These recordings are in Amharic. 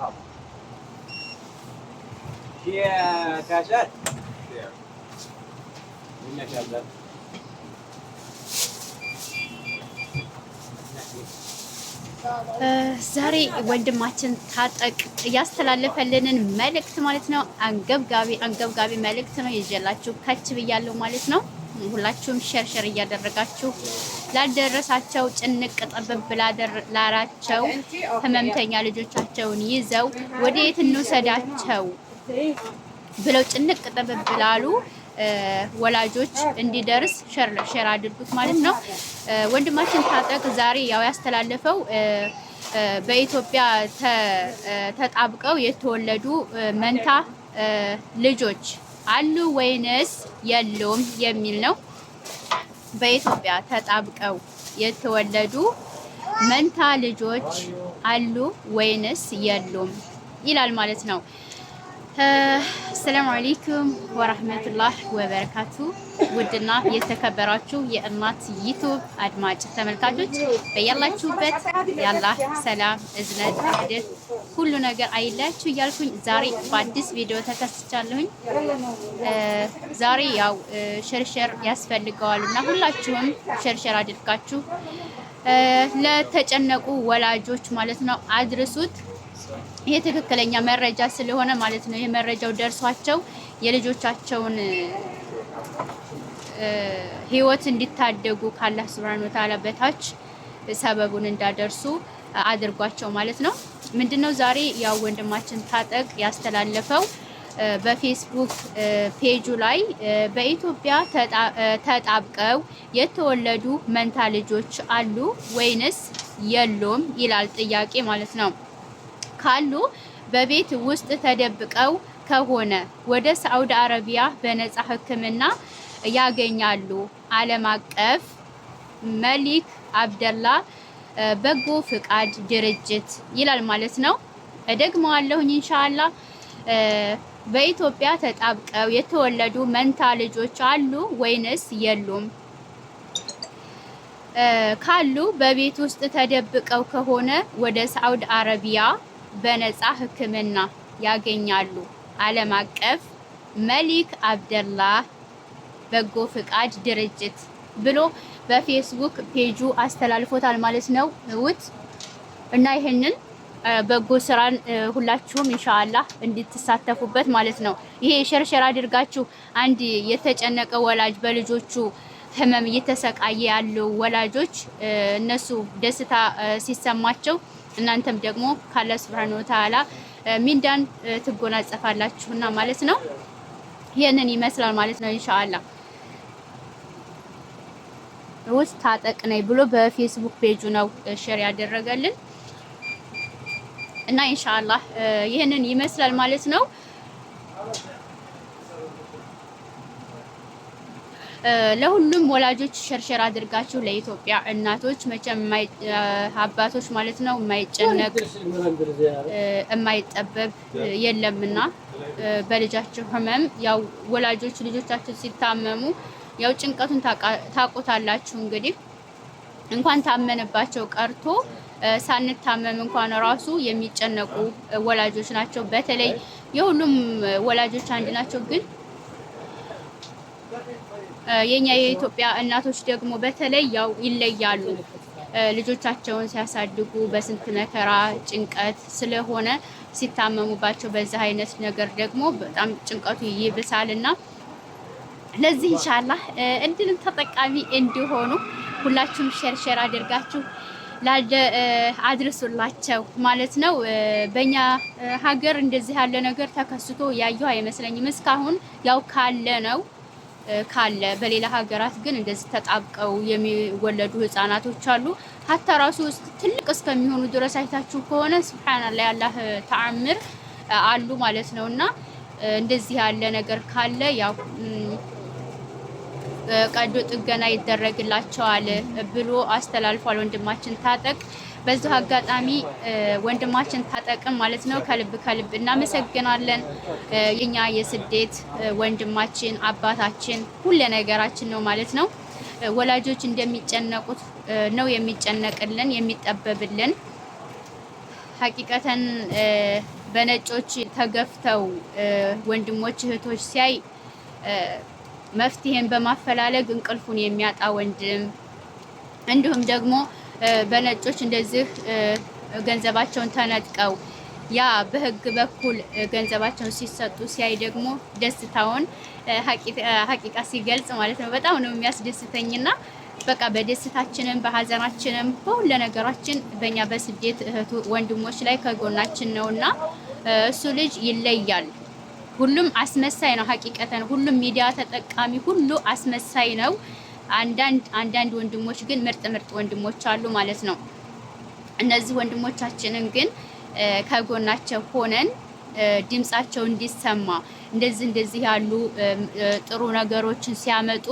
up. Yeah, catch that. There. You next have ዛሬ ወንድማችን ታጠቅ እያስተላለፈልንን መልእክት ማለት ነው። አንገብጋቢ አንገብጋቢ መልእክት ነው ይዤላችሁ ከች ብያለሁ ማለት ነው። ሁላችሁም ሸርሸር እያደረጋችሁ ላልደረሳቸው ጭንቅ ጥብብ ላራቸው ህመምተኛ ልጆቻቸውን ይዘው ወደ የት እንውሰዳቸው ብለው ጭንቅ ጥብብ ላሉ ወላጆች እንዲደርስ ሸር አድርጉት ማለት ነው። ወንድማችን ታጠቅ ዛሬ ያው ያስተላለፈው በኢትዮጵያ ተጣብቀው የተወለዱ መንታ ልጆች አሉ ወይንስ የለውም የሚል ነው። በኢትዮጵያ ተጣብቀው የተወለዱ መንታ ልጆች አሉ ወይንስ የሉም ይላል ማለት ነው። አሰላሙ አሌይኩም ወረህመቱላህ ወበረካቱ። ውድና የተከበራችሁ የእናት ዩቱብ አድማጭ ተመልካቾች በያላችሁበት ያላህ ሰላም፣ እዝነት፣ እብደት ሁሉ ነገር አይለያችሁ እያልኩኝ ዛሬ በአዲስ ቪዲዮ ተከስቻለሁኝ። ዛሬ ያው ሸርሸር ያስፈልገዋል እና ሁላችሁም ሸርሸር አድርጋችሁ ለተጨነቁ ወላጆች ማለት ነው አድርሱት። ይሄ ትክክለኛ መረጃ ስለሆነ ማለት ነው። ይሄ መረጃው ደርሷቸው የልጆቻቸውን ህይወት እንዲታደጉ ካላህ ሱብሃነሁ ወተዓላ በታች ሰበቡን እንዳደርሱ አድርጓቸው ማለት ነው። ምንድነው ዛሬ ያው ወንድማችን ታጠቅ ያስተላለፈው በፌስቡክ ፔጁ ላይ በኢትዮጵያ ተጣብቀው የተወለዱ መንታ ልጆች አሉ ወይንስ የሉም ይላል ጥያቄ ማለት ነው። ካሉ በቤት ውስጥ ተደብቀው ከሆነ ወደ ሳውዲ አረቢያ በነፃ ሕክምና ያገኛሉ። ዓለም አቀፍ መሊክ አብደላ በጎ ፍቃድ ድርጅት ይላል ማለት ነው። እደግመዋለሁኝ ኢንሻአላ። በኢትዮጵያ ተጣብቀው የተወለዱ መንታ ልጆች አሉ ወይንስ የሉም? ካሉ በቤት ውስጥ ተደብቀው ከሆነ ወደ ሳውድ አረቢያ በነፃ ህክምና ያገኛሉ። ዓለም አቀፍ መሊክ አብደላህ በጎ ፍቃድ ድርጅት ብሎ በፌስቡክ ፔጁ አስተላልፎታል ማለት ነው እውት እና ይህንን በጎ ስራን ሁላችሁም ኢንሻአላህ እንድትሳተፉበት ማለት ነው። ይሄ ሸርሸር አድርጋችሁ አንድ የተጨነቀ ወላጅ በልጆቹ ህመም እየተሰቃየ ያሉ ወላጆች እነሱ ደስታ ሲሰማቸው እናንተም ደግሞ ካለ ስብሐነ ወተዓላ ሚንዳን ትጎናጸፋላችሁና ማለት ነው። ይህንን ይመስላል ማለት ነው። ኢንሻአላ ውስጥ ታጠቅ ነኝ ብሎ በፌስቡክ ፔጁ ነው ሼር ያደረገልን እና ኢንሻአላ ይህንን ይመስላል ማለት ነው። ለሁሉም ወላጆች ሸርሸር አድርጋችሁ ለኢትዮጵያ እናቶች መቼም አባቶች ማለት ነው የማይጨነቅ የማይጠበብ የለምና በልጃቸው ህመም ያው ወላጆች ልጆቻቸው ሲታመሙ ያው ጭንቀቱን ታቆታላችሁ። እንግዲህ እንኳን ታመንባቸው ቀርቶ ሳንታመም እንኳን ራሱ የሚጨነቁ ወላጆች ናቸው። በተለይ የሁሉም ወላጆች አንድ ናቸው ግን የኛ የኢትዮጵያ እናቶች ደግሞ በተለይ ያው ይለያሉ። ልጆቻቸውን ሲያሳድጉ በስንት መከራ ጭንቀት ስለሆነ ሲታመሙባቸው በዛ አይነት ነገር ደግሞ በጣም ጭንቀቱ ይብሳልና ለዚህ ኢንሻአላህ እንድንም ተጠቃሚ እንዲሆኑ ሁላችሁም ሸርሸር አድርጋችሁ አድርሱላቸው ማለት ነው። በእኛ ሀገር እንደዚህ ያለ ነገር ተከስቶ ያየሁ አይመስለኝም እስካሁን ያው ካለ ነው ካለ በሌላ ሀገራት ግን እንደዚህ ተጣብቀው የሚወለዱ ህጻናቶች አሉ። ሀታ ራሱ ውስጥ ትልቅ እስከሚሆኑ ድረስ አይታችሁ ከሆነ ስብሓናላ ያላህ ተአምር አሉ ማለት ነው። እና እንደዚህ ያለ ነገር ካለ ያው ቀዶ ጥገና ይደረግላቸዋል ብሎ አስተላልፏል ወንድማችን ታጠቅ። በዚሁ አጋጣሚ ወንድማችን ታጠቅም ማለት ነው ከልብ ከልብ እናመሰግናለን። የኛ የስደት ወንድማችን አባታችን ሁለ ነገራችን ነው ማለት ነው። ወላጆች እንደሚጨነቁት ነው የሚጨነቅልን የሚጠበብልን ሀቂቀተን በነጮች ተገፍተው ወንድሞች እህቶች ሲያይ መፍትሄን በማፈላለግ እንቅልፉን የሚያጣ ወንድም እንዲሁም ደግሞ በነጮች እንደዚህ ገንዘባቸውን ተነጥቀው ያ በህግ በኩል ገንዘባቸውን ሲሰጡ ሲያይ ደግሞ ደስታውን ሀቂቃ ሲገልጽ ማለት ነው። በጣም ነው የሚያስደስተኝና በቃ በደስታችንም በሀዘናችንም በሁለ ነገራችን በእኛ በስደት እህቱ ወንድሞች ላይ ከጎናችን እና እሱ ልጅ ይለያል። ሁሉም አስመሳይ ነው። ሀቂቀተን ሁሉም ሚዲያ ተጠቃሚ ሁሉ አስመሳይ ነው። አንዳንድ አንዳንድ ወንድሞች ግን ምርጥ ምርጥ ወንድሞች አሉ ማለት ነው። እነዚህ ወንድሞቻችንን ግን ከጎናቸው ሆነን ድምጻቸው እንዲሰማ እንደዚህ እንደዚህ ያሉ ጥሩ ነገሮችን ሲያመጡ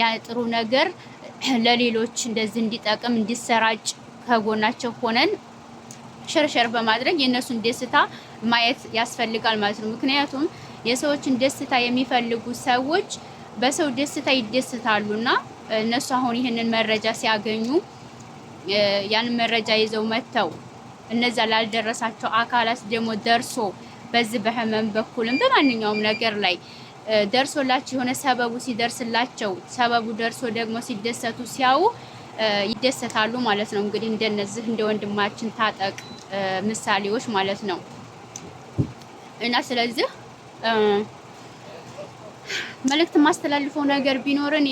ያ ጥሩ ነገር ለሌሎች እንደዚህ እንዲጠቅም እንዲሰራጭ ከጎናቸው ሆነን ሸርሸር በማድረግ የእነሱን ደስታ ማየት ያስፈልጋል ማለት ነው። ምክንያቱም የሰዎችን ደስታ የሚፈልጉ ሰዎች በሰው ደስታ ይደስታሉና እነሱ አሁን ይህንን መረጃ ሲያገኙ ያንን መረጃ ይዘው መጥተው እነዛ ላልደረሳቸው አካላት ደግሞ ደርሶ በዚህ በህመም በኩልም በማንኛውም ነገር ላይ ደርሶላቸው የሆነ ሰበቡ ሲደርስላቸው ሰበቡ ደርሶ ደግሞ ሲደሰቱ ሲያዩ ይደሰታሉ ማለት ነው። እንግዲህ እንደነዚህ እንደ ወንድማችን ታጠቅ ምሳሌዎች ማለት ነው እና ስለዚህ መልእክት የማስተላልፈው ነገር ቢኖር እኔ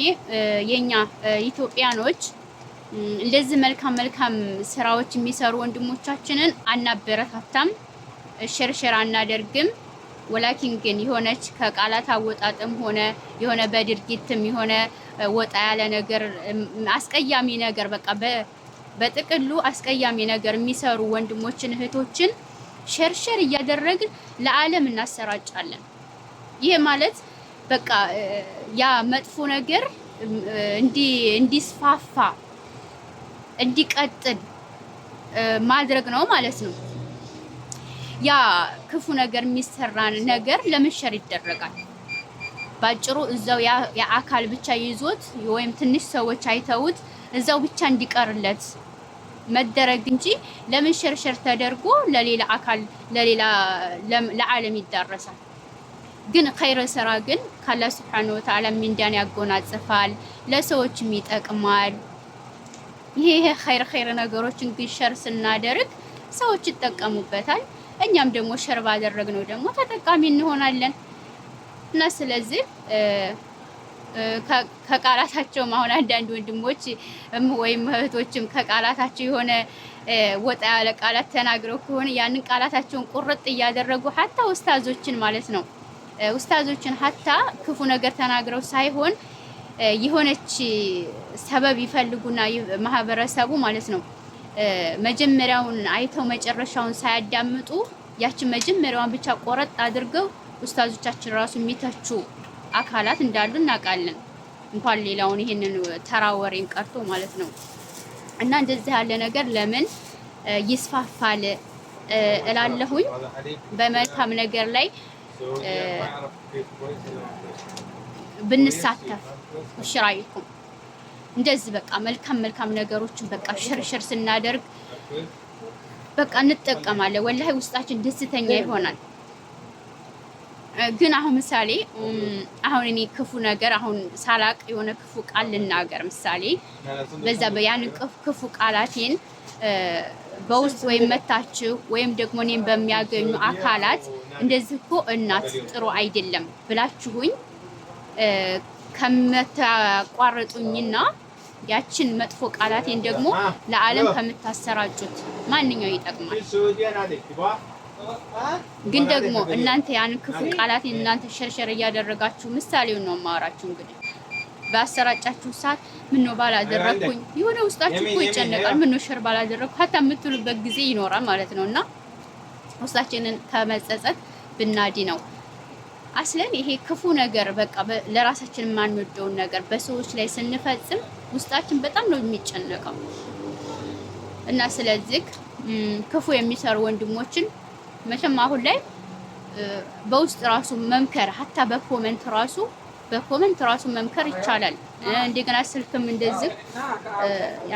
የኛ ኢትዮጵያኖች እንደዚህ መልካም መልካም ስራዎች የሚሰሩ ወንድሞቻችንን አናበረታታም፣ ሸርሸር አናደርግም። ወላኪን ግን የሆነች ከቃላት አወጣጥም ሆነ የሆነ በድርጊትም የሆነ ወጣ ያለ ነገር አስቀያሚ ነገር በቃ በጥቅሉ አስቀያሚ ነገር የሚሰሩ ወንድሞችን እህቶችን ሸርሸር እያደረግን ለዓለም እናሰራጫለን። ይሄ ማለት በቃ ያ መጥፎ ነገር እንዲስፋፋ እንዲቀጥል ማድረግ ነው ማለት ነው። ያ ክፉ ነገር የሚሰራን ነገር ለመሸር ይደረጋል። ባጭሩ እዛው የአካል ብቻ ይዞት ወይም ትንሽ ሰዎች አይተውት እዛው ብቻ እንዲቀርለት መደረግ እንጂ ለመሸርሸር ተደርጎ ለሌላ አካል ለሌላ ለዓለም ይዳረሳል። ግን ኸይረ ስራ ግን ካላ ስብሓን ወተዓላ ሚንዳን ያጎናጽፋል፣ ለሰዎችም ይጠቅማል። ይሄ ይሄ ኸይር ኸይር ነገሮችን ግን ሸር ስናደርግ ሰዎች ይጠቀሙበታል። እኛም ደግሞ ሸር ባደረግነው ደግሞ ተጠቃሚ እንሆናለን እና ስለዚህ ከቃላታቸውም አሁን አንዳንድ ወንድሞች ወይም እህቶችም ከቃላታቸው የሆነ ወጣ ያለ ቃላት ተናግረው ከሆነ ያንን ቃላታቸውን ቁርጥ እያደረጉ ሀታ ውስታዞችን ማለት ነው ኡስታዞችን ሀታ ክፉ ነገር ተናግረው ሳይሆን የሆነች ሰበብ ይፈልጉና ማህበረሰቡ ማለት ነው መጀመሪያውን አይተው መጨረሻውን ሳያዳምጡ ያችን መጀመሪያዋን ብቻ ቆረጥ አድርገው ኡስታዞቻችን ራሱ የሚተቹ አካላት እንዳሉ እናውቃለን። እንኳን ሌላውን ይህንን ተራ ወሬን ቀርቶ ማለት ነው። እና እንደዚህ ያለ ነገር ለምን ይስፋፋል እላለሁኝ። በመልካም ነገር ላይ ብንሳተፍ ሽራይኩም እንደዚህ በቃ መልካም መልካም ነገሮችን በቃ ሽርሽር ስናደርግ በቃ እንጠቀማለን። ወላሂ ውስጣችን ደስተኛ ይሆናል። ግን አሁን ምሳሌ አሁን እኔ ክፉ ነገር አሁን ሳላቅ የሆነ ክፉ ቃል ልናገር ምሳሌ በዛ ያንን ክፉ ቃላቴን በውስጥ ወይም መታችሁ ወይም ደግሞ እኔም በሚያገኙ አካላት እንደዚህ እኮ እናት ጥሩ አይደለም ብላችሁኝ ከምታቋረጡኝና ያችን መጥፎ ቃላቴን ደግሞ ለዓለም ከምታሰራጩት ማንኛው ይጠቅማል? ግን ደግሞ እናንተ ያን ክፉ ቃላቴን እናንተ ሸርሸር እያደረጋችሁ ምሳሌውን ነው የማወራችሁ እንግዲህ በአሰራጫችሁ ሰዓት ምኖ ባላደረግኩኝ የሆነ ውስጣችሁ እኮ ይጨነቃል። ምኖ ሸር ባላደረግኩ ሀታ የምትሉበት ጊዜ ይኖራል ማለት ነው እና ውስጣችንን ከመጸጸት ብናዲ ነው አስለን ይሄ ክፉ ነገር በቃ ለራሳችን የማንወደውን ነገር በሰዎች ላይ ስንፈጽም ውስጣችን በጣም ነው የሚጨነቀው እና ስለዚህ ክፉ የሚሰሩ ወንድሞችን መቼም አሁን ላይ በውስጥ ራሱ መምከር ሀታ በኮመንት ራሱ በኮመንት ራሱ መምከር ይቻላል። እንደገና ስልክም እንደዚህ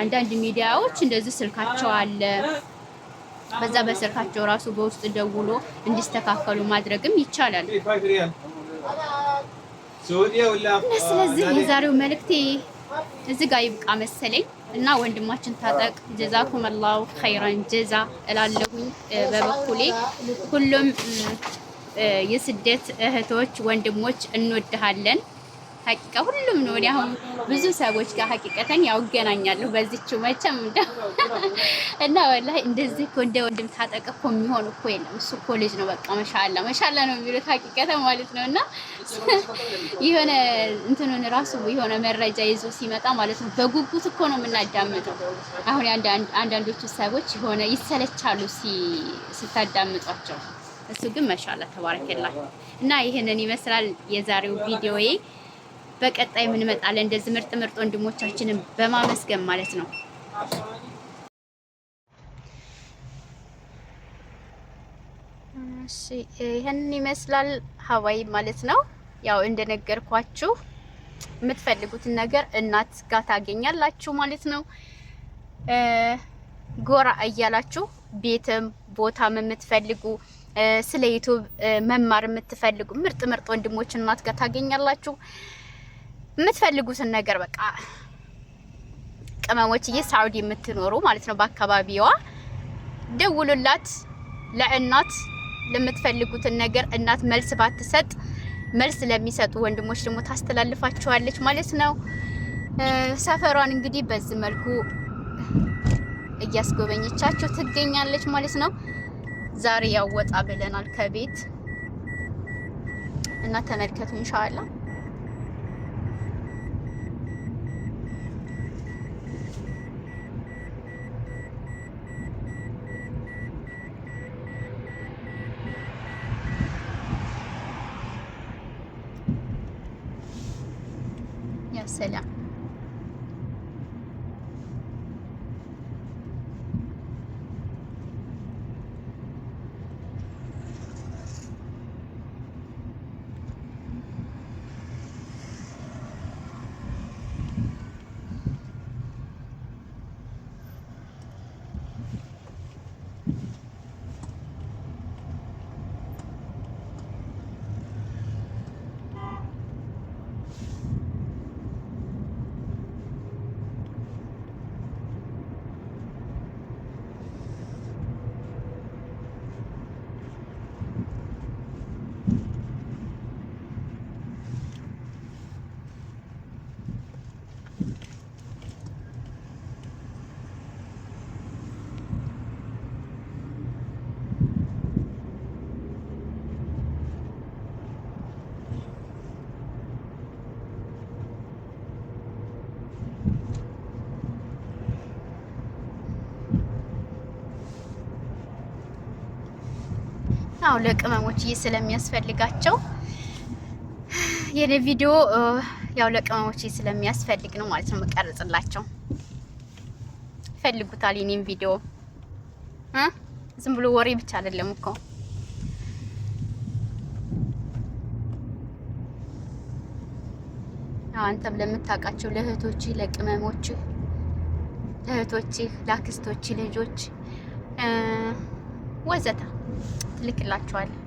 አንዳንድ ሚዲያዎች እንደዚህ ስልካቸው አለ። በዛ በስልካቸው ራሱ በውስጥ ደውሎ እንዲስተካከሉ ማድረግም ይቻላል። እና ስለዚህ የዛሬው መልእክቴ እዚህ ጋር ይብቃ መሰለኝ እና ወንድማችን ታጠቅ ጀዛኩም አላሁ ኸይረን ጀዛ እላለሁኝ በበኩሌ ሁሉም የስደት እህቶች ወንድሞች እንወድሃለን። ሀቂቃ ሁሉም ነው። አሁን ብዙ ሰዎች ጋር ሀቂቀተን ያው እገናኛለሁ በዚች መቼም እና ወላሂ እንደዚህ እኮ እንደ ወንድም ታጠቅ እኮ የሚሆን እኮ የለም። እሱ እኮ ልጅ ነው በቃ መሻላ መሻላ ነው የሚሉት ሀቂቀተን ማለት ነው። እና የሆነ እንትኑን ራሱ የሆነ መረጃ ይዞ ሲመጣ ማለት ነው በጉጉት እኮ ነው የምናዳምጠው። አሁን አንዳንዶቹ ሰዎች የሆነ ይሰለቻሉ ስታዳምጧቸው። እሱ ግን መሻላ ተባረከላ እና ይህንን ይመስላል የዛሬው ቪዲዮዬ። በቀጣይ ምን እመጣለሁ እንደዚህ ምርጥ ምርጥ ወንድሞቻችንን በማመስገን ማለት ነው። እሺ ይሄንን ይመስላል ሀዋይ ማለት ነው። ያው እንደነገርኳችሁ የምትፈልጉትን ነገር እናት ጋር ታገኛላችሁ ማለት ነው። ጎራ እያላችሁ ቤትም ቦታም የምትፈልጉ ስለ ዩቱብ መማር የምትፈልጉ ምርጥ ምርጥ ወንድሞችን እናት ጋር ታገኛላችሁ። የምትፈልጉትን ነገር በቃ እየ ሳውዲ የምትኖሩ ማለት ነው በአካባቢዋ ደውሉላት። ለእናት ለምትፈልጉትን ነገር እናት መልስ ባትሰጥ መልስ ለሚሰጡ ወንድሞች ደግሞ ታስተላልፋችኋለች ማለት ነው። ሰፈሯን እንግዲህ በዚህ መልኩ እያስጎበኘቻችሁ ትገኛለች ማለት ነው። ዛሬ ያው ወጣ ብለናል ከቤት እና ተመልከቱ ኢንሻአላህ ሰላም አዎ ይህ ስለሚያስፈልጋቸው የኔ ቪዲዮ ያው ይህ ስለሚያስፈልግ ነው ማለት ነው የምቀርጽላቸው። ይፈልጉታል የኔን ቪዲዮ እ ዝም ብሎ ወሬ ብቻ አይደለም እኮ አንተም ለምታውቃቸው ለእህቶች፣ ለቅመሞች፣ ለእህቶች፣ ለአክስቶች ልጆች ወዘተ ትልክላችኋለሁ።